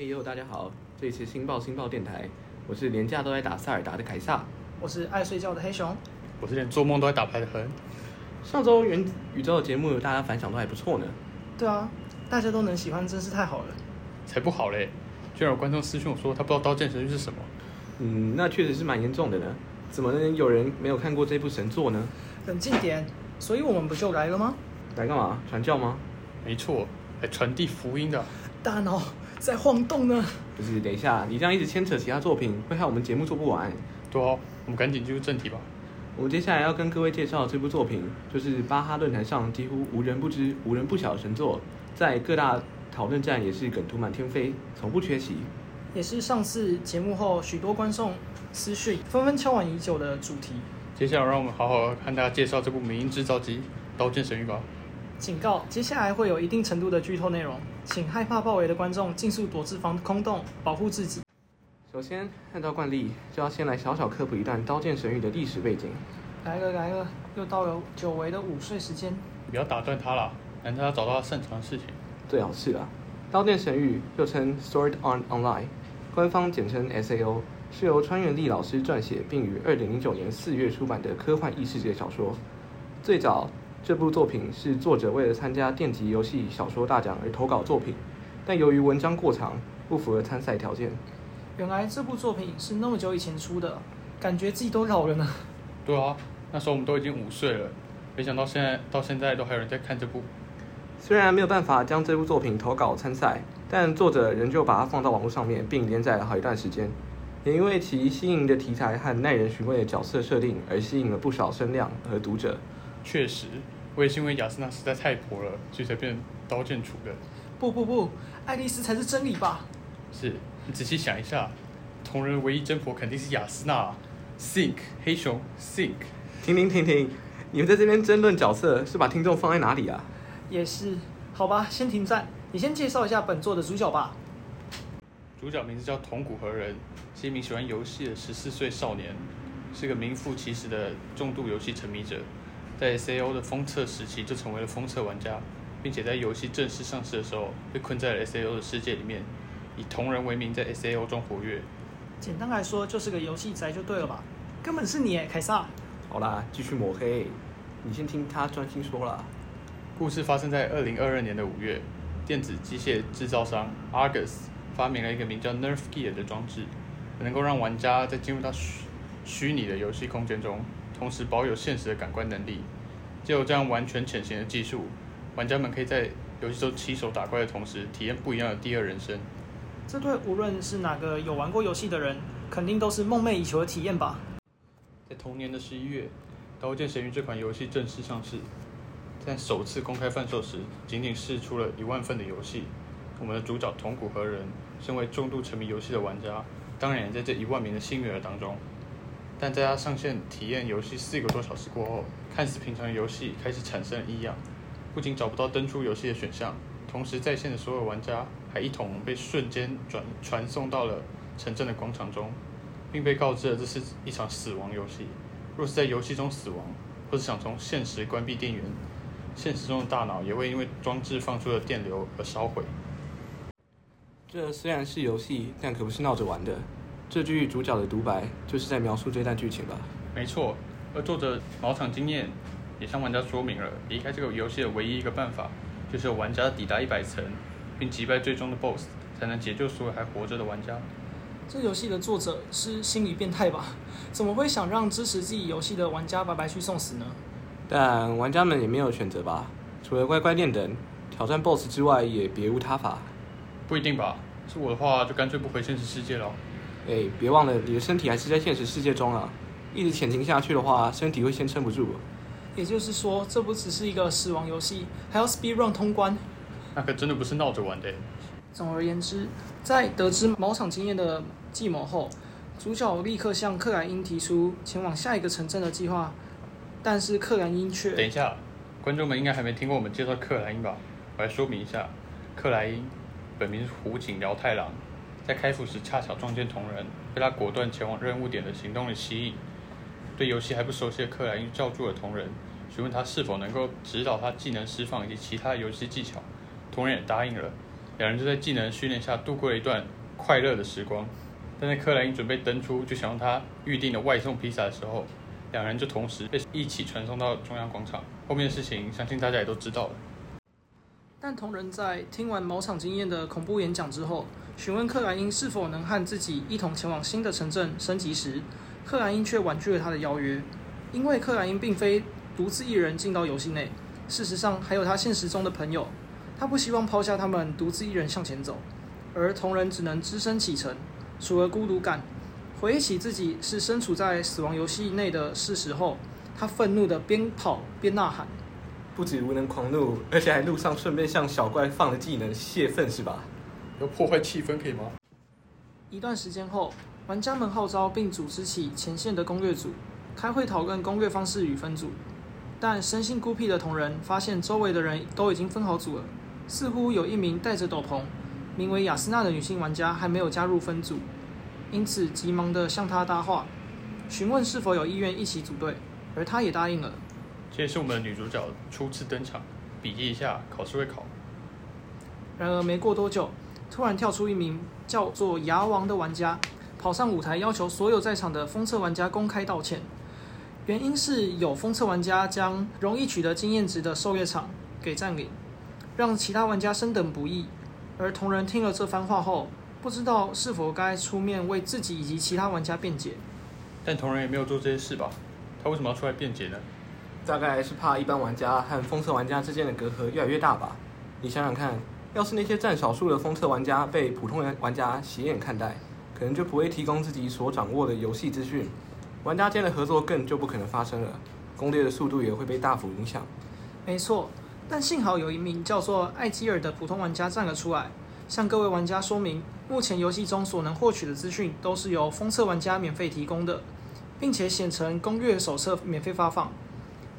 嘿，友、hey、大家好，這次新報新報電台，我是連假都在打薩爾達的凱撒，我是愛睡覺的黑熊，我是連做夢都在打牌的恆。上週元宇宙的節目，大家反響都還不錯呢。對啊，大家都能喜歡，真是太好了。才不好嘞，居然有觀眾私訊我說他不知道《刀劍神域》是什麼。嗯，那確實是蠻嚴重的呢。怎麼能有人沒有看過這部神作呢？冷靜點，所以我們不就來了嗎？來幹嘛？傳教嗎？沒錯，來傳遞福音的。大腦。在晃動呢？不是，等一下，你這樣一直牽扯其他作品，會害我們節目做不完。對啊，我們趕緊進入正題吧。我接下來要跟各位介紹這部作品，就是巴哈論壇上幾乎無人不知、無人不曉的神作，在各大討論站也是梗圖滿天飛，從不缺席，也是上次節目後許多觀眾私訊紛紛敲碗已久的主題。接下來讓我們好好跟大家介紹這部名言製造機《刀劍神域》吧。警告：接下來會有一定程度的劇透內容，請害怕包圍的觀眾儘速躲至防空洞，保護自己。首先，按照慣例，就要先來小小科普一段《刀劍神域》的歷史背景。來了，來了，又到了久違的午睡時間。不要打斷他了，人要找到擅長的事情。最好、啊、是啊，《刀劍神域》又稱《Sword Art Online》，官方簡稱 SAO，是由川原礫老師撰寫，並於二零零九年四月出版的科幻異世界小說。最早。這部作品是作者為了參加電擊遊戲小說大獎而投稿作品，但由於文章過長，不符合參賽條件。原來這部作品是那麼久以前出的，感覺自己都老了呢。對啊，那時候我們都已經五歲了，沒想到現在到現在都還有人在看這部。雖然沒有辦法將這部作品投稿參賽，但作者仍舊把它放到網絡上面，並連載了好一段時間。也因為其新穎的題材和耐人尋味的角色設定，而吸引了不少聲量和讀者。確實，我也是因為亞絲娜實在太婆了，所以才變成刀劍廚的。不不不，愛麗絲才是真理吧？是，你仔細想一下，桐人唯一真婆肯定是亞絲娜。s h i c k 黑熊 s h i c k 停停停停，你們在這邊爭論角色，是把聽眾放在哪裡啊？也是，好吧，先停戰。你先介紹一下本作的主角吧。主角名字叫桐谷和人，是一名喜歡遊戲的十四歲少年，是個名副其實的重度遊戲沉迷者。S 在 S A O 的封測時期就成為了封測玩家，並且在遊戲正式上市的時候被困在了 S A O 的世界裡面，以同人為名在 S A O 中活躍。簡單來說就是個遊戲宅就對了吧？根本是你耶，凱撒。好啦，繼續抹黑。你先聽他專心說啦。故事發生在二零二二年的五月，電子機械製造商 Argus 發明了一個名叫 Nerve Gear 的裝置，能夠讓玩家在進入到虛虛擬的遊戲空間中。同時保有現實的感官能力，藉由這樣完全潛行的技術，玩家們可以在遊戲中起手打怪的同時，體驗不一樣的第二人生。這對無論是哪個有玩過遊戲的人，肯定都是夢寐以求的體驗吧。在同年的十一月，《刀劍神域》這款遊戲正式上市，在首次公開販售時，僅僅釋出了一萬份的遊戲。我們的主角桐谷和人，身為重度沉迷遊戲的玩家，當然也在這一萬名的幸運兒當中。但在他上線體驗遊戲四個多小時過後，看似平常的遊戲開始產生了異樣，不僅找不到登出遊戲的選項，同時在線的所有玩家還一同被瞬間轉傳送到了城鎮的廣場中，並被告知了這是一場死亡遊戲。若是在遊戲中死亡，或是想從現實關閉電源，現實中的大腦也會因為裝置放出的電流而燒毀。這雖然是遊戲，但可不是鬧着玩的。這句主角的獨白就是在描述這段劇情吧？沒錯，而作者茅場晶彥也向玩家說明了離開這個遊戲的唯一一個辦法，就是有玩家抵達一百層，並擊敗最終的 BOSS，才能解救所有還活着的玩家。這遊戲的作者是心理變態吧？怎麼會想讓支持自己遊戲的玩家白白去送死呢？但玩家們也沒有選擇吧？除了乖乖練等、挑戰 BOSS 之外，也別無他法。不一定吧？是我的話，就乾脆不回現實世界了。哎，別忘了，你的身體還是在現實世界中啊！一直潛行下去的話，身體會先撐不住。也就是說，這不只是一個死亡遊戲，還要 speed run 通關。那可真的不是鬧着玩的。總而言之，在得知茅場晶彥的計謀後，主角立刻向克萊茵提出前往下一個城鎮的計劃。但是克萊茵卻……等一下，觀眾們應該還沒聽過我們介紹克萊茵吧？我來說明一下，克萊茵本名是壺井遼太郎。在開服時，恰巧撞見桐人，被他果斷前往任務點的行動所吸引。對遊戲還不熟悉的克萊茵叫住了桐人，詢問他是否能夠指導他技能釋放以及其他的遊戲技巧。桐人也答應了，兩人就在技能訓練下度過了一段快樂的時光。但在克萊茵準備登出，就想讓他預定的外送披薩的時候，兩人就同時被一起傳送到中央廣場。後面的事情，相信大家也都知道了。但桐人在聽完茅場晶彥的恐怖演講之後。詢問克萊茵是否能和自己一同前往新的城鎮升級時，克萊茵卻婉拒了他的邀約，因為克萊茵並非獨自一人進到遊戲內，事實上還有他現實中的朋友，他不希望拋下他們獨自一人向前走，而桐人只能只身啟程。除了孤獨感，回憶起自己是身處在死亡遊戲內的事實後，他憤怒地邊跑邊吶喊，不只無能狂怒，而且還路上順便向小怪放了技能洩憤是吧？要破壞氣氛可以嗎？一段時間後，玩家們號召並組織起前線的攻略組，開會討論攻略方式與分組。但生性孤僻的桐人發現周圍的人都已經分好組了，似乎有一名戴着斗篷、名為亞絲娜的女性玩家還沒有加入分組，因此急忙地向她搭話，詢問是否有意願一起組隊，而她也答應了。這也是我們的女主角初次登場，筆記一下，考試會考。然而沒過多久。突然跳出一名叫做牙王的玩家，跑上舞台要求所有在場的封測玩家公開道歉。原因是有封測玩家將容易取得經驗值的狩獵場給佔領，讓其他玩家升等不易。而桐人聽了這番話後，不知道是否該出面為自己以及其他玩家辯解。但桐人也沒有做這些事吧？他為什麼要出來辯解呢？大概是怕一般玩家和封測玩家之間的隔閡越來越大吧。你想想看。要是那些占少數的封測玩家被普通玩玩家斜眼看待，可能就不會提供自己所掌握的遊戲資訊，玩家間的合作更就不可能發生了，攻略的速度也會被大幅影響。沒錯，但幸好有一名叫做艾吉爾的普通玩家站了出來，向各位玩家說明，目前遊戲中所能獲取的資訊都是由封測玩家免費提供的，並且寫成攻略手冊免費發放，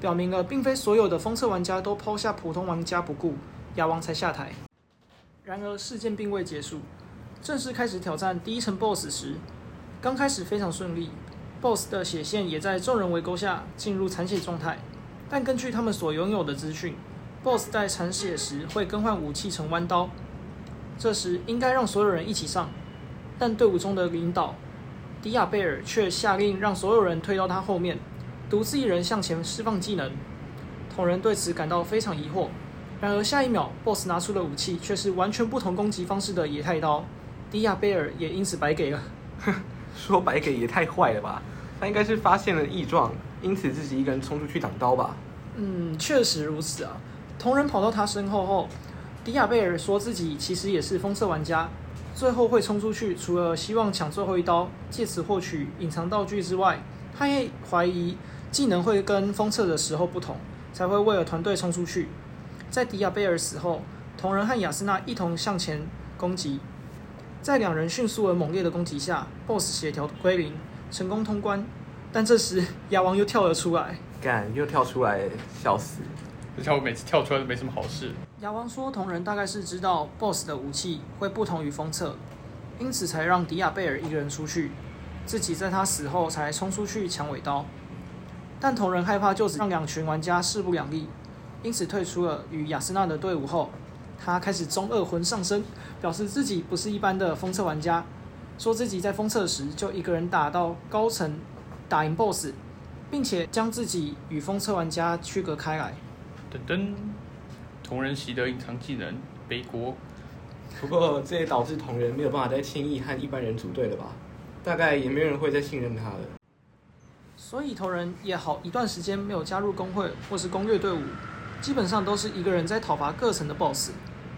表明了並非所有的封測玩家都拋下普通玩家不顧，牙王才下台。然而，事件並未結束。正式開始挑戰第一層 BOSS 時，剛開始非常順利，BOSS 的血線也在眾人圍攻下進入殘血狀態。但根據他們所擁有的資訊，BOSS 在殘血時會更換武器成彎刀。這時應該讓所有人一起上，但隊伍中的領導迪亞貝爾卻下令讓所有人退到他後面，獨自一人向前釋放技能。同人對此感到非常疑惑。然而下一秒，BOSS 拿出了武器，卻是完全不同攻擊方式的野太刀。迪亞貝爾也因此白給了。 說白給也太壞了吧？他應該是發現了異狀，因此自己一個人衝出去擋刀吧？嗯，確實如此啊。桐人跑到他身後後，迪亞貝爾說自己其實也是封測玩家，最後會衝出去，除了希望搶最後一刀，借此獲取隱藏道具之外，他也懷疑技能會跟封測的時候不同，才會為了團隊衝出去。在迪亞貝爾死後，桐人和亞絲娜一同向前攻擊。在兩人迅速而猛烈的攻擊下，BOSS 血條歸零，成功通關。但這時，牙王又跳了出來，幹又跳出來，笑死！這家伙每次跳出來都沒什麼好事。牙王說，桐人大概是知道 BOSS 的武器會不同於封測，因此才讓迪亞貝爾一個人出去，自己在他死後才衝出去搶尾刀。但桐人害怕就此讓兩群玩家勢不兩立。因此退出了與亞絲娜的隊伍後，他開始中二魂上身，表示自己不是一般的封測玩家，說自己在封測時就一個人打到高層，打贏 BOSS，並且將自己與封測玩家區隔開來。噔噔，桐人習得隱藏技能背鍋，不過這也導致桐人沒有辦法再輕易和一般人組隊了吧？大概也沒有人會再信任他了。所以桐人也好一段時間沒有加入工會或是攻略隊伍。基本上都是一個人在討伐各層的 BOSS，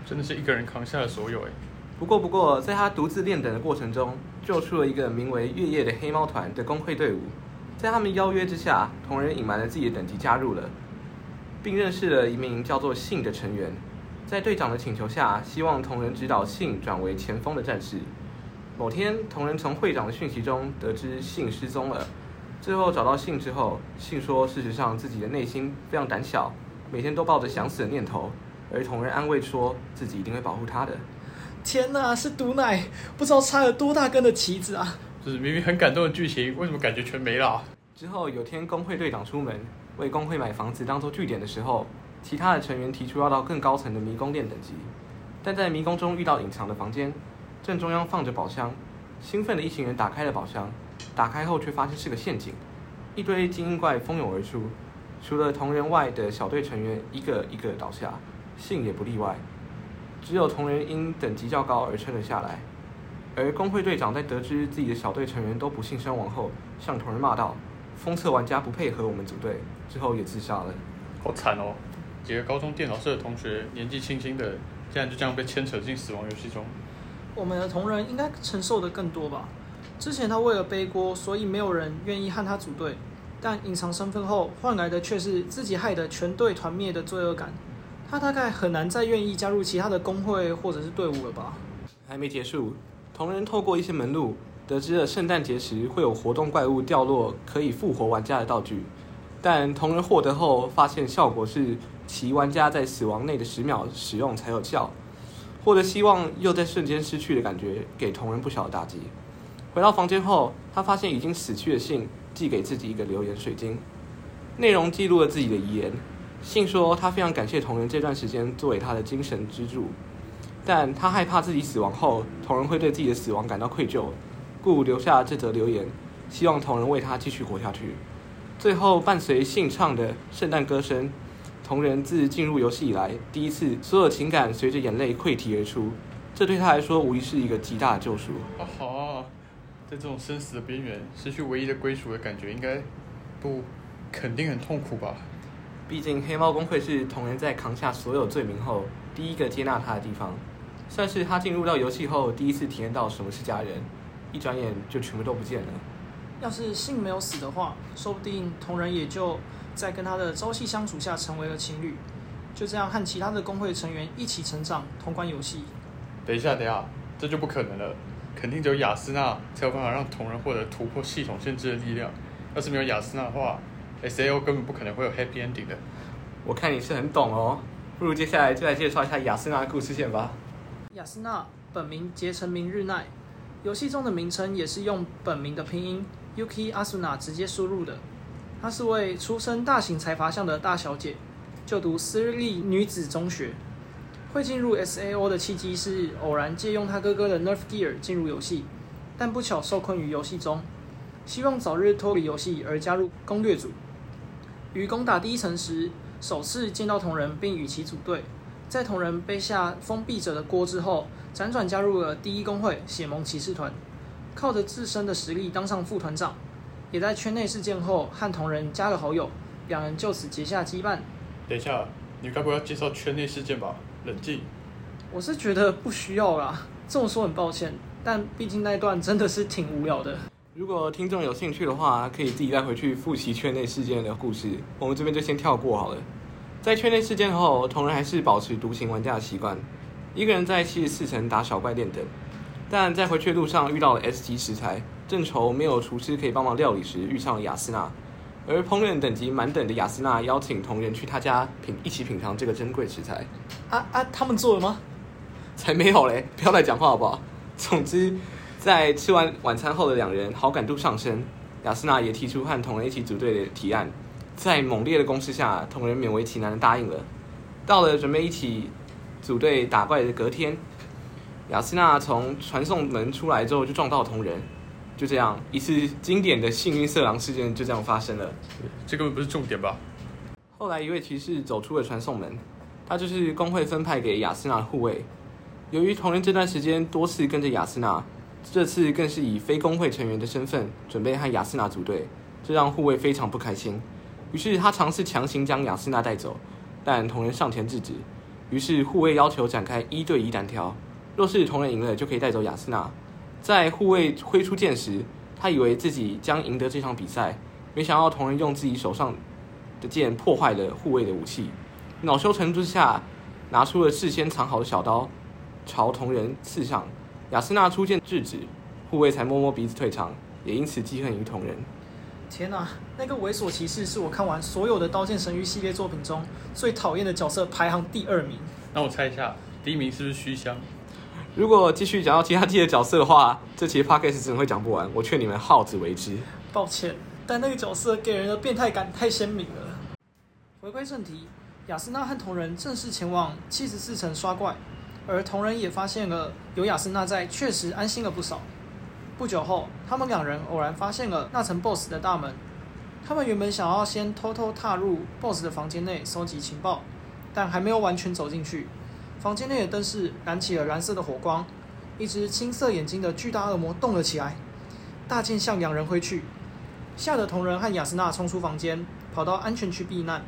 真的是一個人扛下了所有哎、欸。不過，不過，在他獨自練等的過程中，救出了一個名為月夜的黑貓團的公會隊伍。在他們邀約之下，桐人隱瞞了自己的等級加入了，並認識了一名叫做幸的成員。在隊長的請求下，希望桐人指導幸轉為前鋒的戰士。某天，桐人從會長的訊息中得知幸失蹤了。最後找到幸之後，幸說事實上自己的內心非常膽小。每天都抱着想死的念頭，而桐人安慰說自己一定會保護她的。天哪，是毒奶！不知道插了多大根的旗子啊！就是明明很感動的劇情，為什麼感覺全沒了？之後有天工會隊長出門為工會買房子當做據點的時候，其他的成員提出要到更高層的迷宮練等級。但在迷宮中遇到隱藏的房間，正中央放着寶箱。興奮的一群人打開了寶箱，打開後卻發現是個陷阱，一堆精英怪蜂擁而出。除了桐人外的小隊成員一個一個倒下，信也不例外，只有桐人因等級較高而撐了下來。而公會隊長在得知自己的小隊成員都不幸身亡後，向桐人罵道：“封測玩家不配合我們組隊，之後也自殺了，好慘哦！幾個高中電腦社的同學，年紀輕輕的，竟然就這樣被牽扯進死亡遊戲中。我們的桐人應該承受得更多吧？之前他為了背鍋，所以沒有人願意和他組隊。”但隱藏身份後換來的卻是自己害得全隊團滅的罪惡感，他大概很難再願意加入其他的工會或者是隊伍了吧。還沒結束，桐人透過一些門路得知了聖誕節時會有活動怪物掉落可以復活玩家的道具，但桐人獲得後發現效果是其玩家在死亡內的十秒使用才有效，獲得希望又在瞬間失去的感覺給桐人不小的打擊。回到房間後，他發現已經死去的信。寄給自己一個留言水晶，內容記錄了自己的遺言。信說他非常感謝桐人這段時間作為他的精神支柱，但他害怕自己死亡後桐人會對自己的死亡感到愧疚，故留下這則留言，希望桐人為他繼續活下去。最後伴隨信唱的聖誕歌聲，桐人自進入遊戲以來第一次所有情感隨着眼淚潰堤而出，這對他來說無疑是一個極大的救贖。啊在這種生死的邊緣，失去唯一的歸屬的感覺，應該不肯定很痛苦吧？畢竟黑貓公會是桐人在扛下所有罪名後，第一個接納他的地方，算是他進入到遊戲後第一次體驗到什麼是家人。一轉眼就全部都不見了。要是幸沒有死的話，說不定桐人也就在跟他的朝夕相處下成為了情侶，就這樣和其他的公會成員一起成長，通關遊戲。等一下，等一下，這就不可能了。肯定只有亞絲娜才有辦法讓桐人獲得突破系統限制的力量。要是沒有亞絲娜的話，S A O 根本不可能會有 Happy Ending 的。我看你是很懂哦，不如接下來就來介紹一下亞絲娜的故事線吧。亞絲娜本名結城明日奈，遊戲中的名稱也是用本名的拼音 Yuki Asuna 直接輸入的。她是位出身大型財閥家的大小姐，就讀私立女子中學。會進入 SAO 的契機是偶然借用他哥哥的 Nerf Gear 進入遊戲，但不巧受困於遊戲中，希望早日脫離遊戲而加入攻略組。於攻打第一層時首次見到桐人，並與其組隊。在桐人背下封閉者的鍋之後，輾轉加入了第一公會血盟騎士團，靠着自身的實力當上副團長，也在圈內事件後和桐人加了好友，兩人就此結下羈絆。等一下，你該不會要介紹圈內事件吧？冷靜，我是覺得不需要啦。這麼說很抱歉，但畢竟那段真的是挺無聊的。如果聽眾有興趣的話，可以自己再回去複習圈內事件的故事。我們這邊就先跳過好了。在圈內事件後，桐人還是保持獨行玩家的習慣，一個人在七十四層打小怪練等。但在回去的路上遇到了 S 級食材，正愁沒有廚師可以幫忙料理時，遇上了亞絲娜。而烹飪等級滿等的亞絲娜邀請桐人去他家品一起品嘗這個珍貴食材。啊啊，他們做了嗎？才沒有嘞！不要再講話好不好？總之，在吃完晚餐後的兩人好感度上升，亞絲娜也提出和桐人一起組隊的提案。在猛烈的攻勢下，桐人勉為其難的答應了。到了準備一起組隊打怪的隔天，亞絲娜從傳送門出來之後就撞到桐人。就這樣，一次經典的幸運色狼事件就這樣發生了。這個不是重點吧？後來，一位騎士走出了傳送門，他就是公會分派給亞絲娜的護衛。由於桐人這段時間多次跟着亞絲娜，這次更是以非公會成員的身份準備和亞絲娜組隊，這讓護衛非常不開心。於是他嘗試強行將亞絲娜帶走，但桐人上前制止。於是護衛要求展開一對一單挑，若是桐人贏了，就可以帶走亞絲娜。在護衛揮出劍時，他以為自己將贏得這場比賽，沒想到桐人用自己手上的劍破壞了護衛的武器，惱羞成怒之下，拿出了事先藏好的小刀，朝桐人刺上。亞絲娜出劍制止，護衛才摸摸鼻子退場，也因此記恨於桐人。天哪、啊，那個猥瑣騎士是我看完所有的《刀劍神域》系列作品中最討厭的角色，排行第二名。那我猜一下，第一名是不是須鄉？如果繼續講到其他 T 的角色的話，這期 Podcast 真的會講不完。我勸你們好自為之。抱歉，但那個角色給人的變態感太鮮明了。回歸正題，亞絲娜和桐人正式前往七十四層刷怪，而桐人也發現了有亞絲娜在，確實安心了不少。不久後，他們兩人偶然發現了那層 BOSS 的大門。他們原本想要先偷偷踏入 BOSS 的房間內收集情報，但還沒有完全走進去。房間內的燈飾燃起了藍色的火光，一隻青色眼睛的巨大惡魔動了起來，大劍向兩人揮去，嚇得桐人和亞絲娜衝出房間，跑到安全區避難。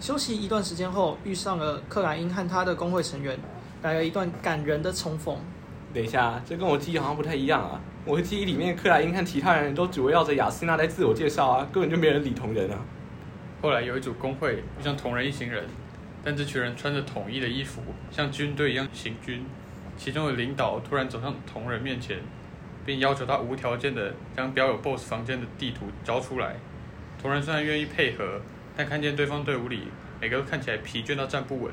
休息一段時間後，遇上了克萊茵和他的公會成員，來了一段感人的重逢。等一下，這跟我記憶好像不太一樣啊！我記憶裡面，克萊茵和其他人都只圍繞着亞絲娜在自我介紹啊，根本就沒人理桐人啊。後來有一組公會遇上桐人一行人。但這群人穿着統一的衣服，像軍隊一樣行軍，其中的領導突然走上桐人面前，並要求他無條件的將標有 BOSS 房間的地圖交出來。桐人雖然願意配合，但看見對方隊伍裡每個都看起來疲倦到站不穩，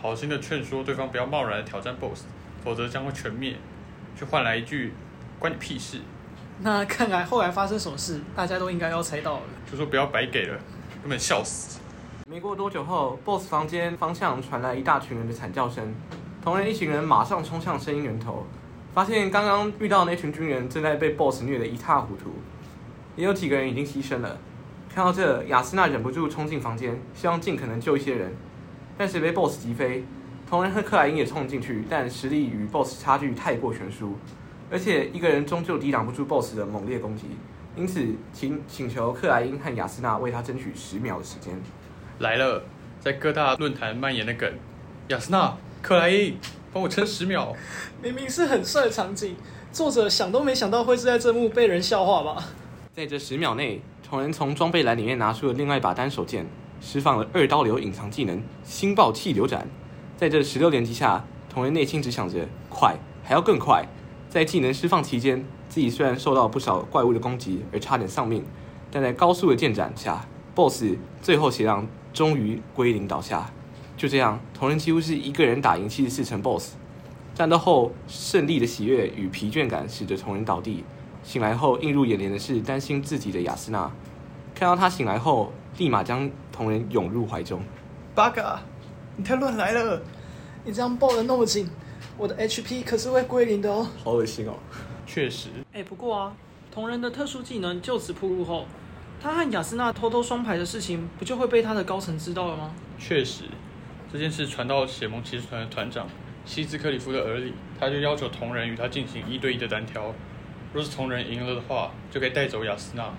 好心的勸說對方不要貿然的挑戰 BOSS，否則將會全滅，卻換來一句“關你屁事”。那看來後來發生什麼事，大家都應該要猜到了。就說不要白給了，根本笑死。沒過多久後，boss 房間方向傳來一大群人的慘叫聲，桐人一行人馬上衝向聲音源頭，發現剛剛遇到那群軍人正在被 boss 虐得一塌糊塗，也有幾個人已經犧牲了。看到這，亞絲娜忍不住衝進房間，希望儘可能救一些人，但是被 boss 擊飛。桐人和克萊茵也衝進去，但實力與 boss 差距太過懸殊，而且一個人終究抵擋不住 boss 的猛烈攻擊，因此請請求克萊茵和亞絲娜為他爭取十秒的時間。來了，在各大論壇蔓延的梗，亞絲娜、克萊茵，幫我撐十秒。明明是很帥的場景，作者想都沒想到會是在這幕被人笑話吧？在這十秒內，桐人從裝備欄裡面拿出了另外一把單手劍，釋放了二刀流隱藏技能星爆氣流斬。在這十六連擊下，桐人內心只想着快，還要更快。在技能釋放期間，自己雖然受到不少怪物的攻擊而差點喪命，但在高速的劍斬下。boss 最後血量終於歸零倒下，就這樣，桐人幾乎是一個人打贏七十四層 boss。戰鬥後，勝利的喜悅與疲倦感使得桐人倒地。醒來後，映入眼簾的是擔心自己的亞絲娜。看到他醒來後，立馬將桐人擁入懷中。八嘎！你太亂來了！你這樣抱得那麼緊，我的 HP 可是會歸零的哦。好惡心哦，確實。哎、欸，不過啊，桐人的特殊技能就此鋪路後。他和亞絲娜偷偷雙排的事情，不就會被他的高層知道了嗎？確實，這件事傳到血盟騎士團的團長希茲克里夫的耳裡，他就要求桐人與他進行一對一的單挑。若是桐人贏了的話，就可以帶走亞絲娜；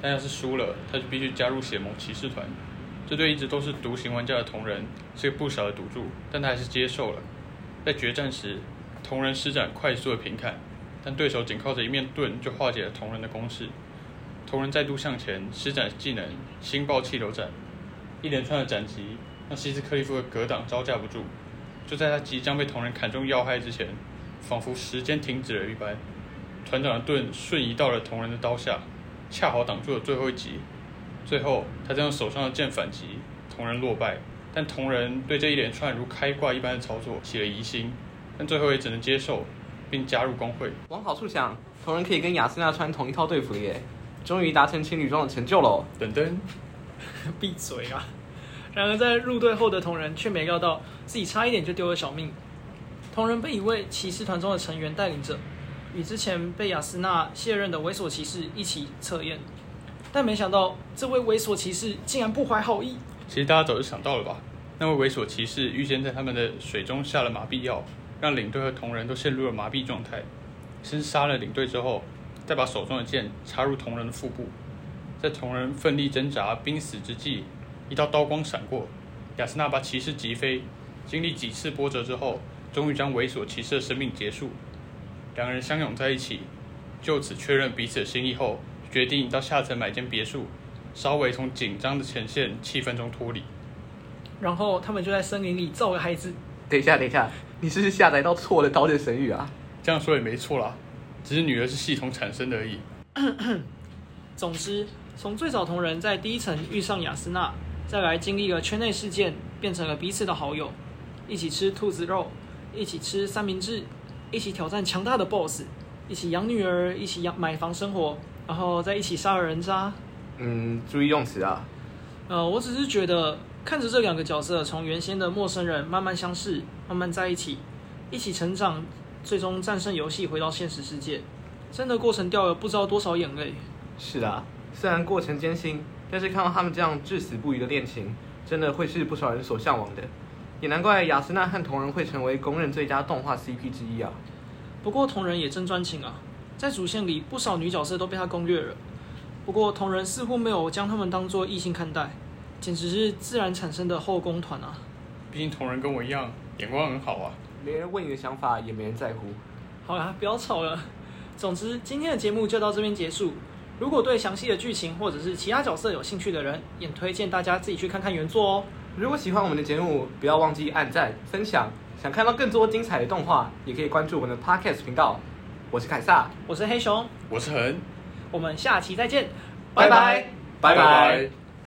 但要是輸了，他就必須加入血盟騎士團。這對一直都是獨行玩家的桐人是一個不小的賭注，但他還是接受了。在決戰時，桐人施展快速的平砍，但對手僅靠着一面盾就化解了桐人的攻勢。桐人再度向前施展技能，星爆氣流斬，一連串的斬擊讓希斯克利夫的格擋招架不住。就在他即將被桐人砍中要害之前，仿佛時間停止了一般，團長的盾瞬移到了桐人的刀下，恰好擋住了最後一擊。最後，他再用手上的劍反擊，桐人落敗。但桐人對這一連串如開掛一般的操作起了疑心，但最後也只能接受，並加入公會。往好處想，桐人可以跟亞絲娜穿同一套隊服耶。終於達成情侶裝的成就了，哦，噔噔，閉嘴啊！然而在入隊後的同仁卻沒料到，自己差一點就丟了小命。同仁被一位騎士團中的成員帶領着，與之前被亞絲娜卸任的猥瑣騎士一起測驗，但沒想到這位猥瑣騎士竟然不懷好意。其實大家早就想到了吧？那位猥瑣騎士預先在他們的水中下了麻痹藥，讓領隊和同仁都陷入了麻痹狀態。先殺了領隊之後。再把手中的劍插入銅人的腹部，在銅人奮力掙扎、瀕死之際，一道刀光閃過，亞絲娜把騎士擊飛。經歷幾次波折之後，終於將猥瑣騎士的生命結束。兩人相擁在一起，就此確認彼此的心意後，決定到下層買間別墅，稍微從緊張的前線氣氛中脫離。然後他們就在森林裡造個孩子。等一下，等一下，你是不是下載到錯了刀劍神域啊？這樣說也沒錯啦。只是女兒是系統產生的而已咳咳。總之，從最早桐人在第一層遇上亞絲娜，再來經歷了圈內事件，變成了彼此的好友，一起吃兔子肉，一起吃三明治，一起挑戰強大的 BOSS，一起養女兒，一起養買房生活，然後再一起殺了人渣。嗯，注意用詞啊。呃，我只是覺得看着這兩個角色從原先的陌生人慢慢相識，慢慢在一起，一起成長。最終戰勝遊戲，回到現實世界，真的過程掉了不知道多少眼淚。是的、啊，雖然過程艱辛，但是看到他們這樣至死不渝的戀情，真的會是不少人所向往的。也難怪亞絲娜和桐人會成為公認最佳動畫 CP 之一啊。不過桐人也真專情啊，在主線裡不少女角色都被他攻略了。不過桐人似乎沒有將他們當作異性看待，簡直是自然產生的後宮團啊。畢竟桐人跟我一樣，眼光很好啊。沒人問你的想法，也沒人在乎。好啦，不要吵了。總之，今天的節目就到這邊結束。如果對詳細的劇情或者是其他角色有興趣的人，也推薦大家自己去看看原作哦。如果喜歡我們的節目，不要忘記按讚、分享。想看到更多精彩的動畫，也可以關注我們的 Podcast 頻道。我是凱撒，我是黑熊，我是恆。我們下期再見，拜拜，拜拜。